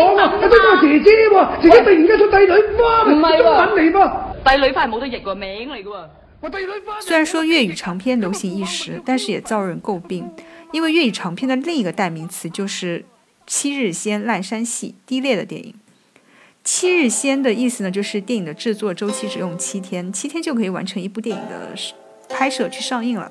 我、嗯、啊，姐姐，姐姐突然間出帝女花，哇，唔係等你噃。帝女花係冇得譯個名嚟嘅喎。我帝女花。雖然說粵語長片流行一時，哎、呀但是也遭人詬病，因為粵語長片的另一個代名詞就是七日仙」爛山。爛山戲，低劣的電影。七日仙」的意思呢，就是電影的製作周期只用七天，七天就可以完成一部電影的拍攝去上映了。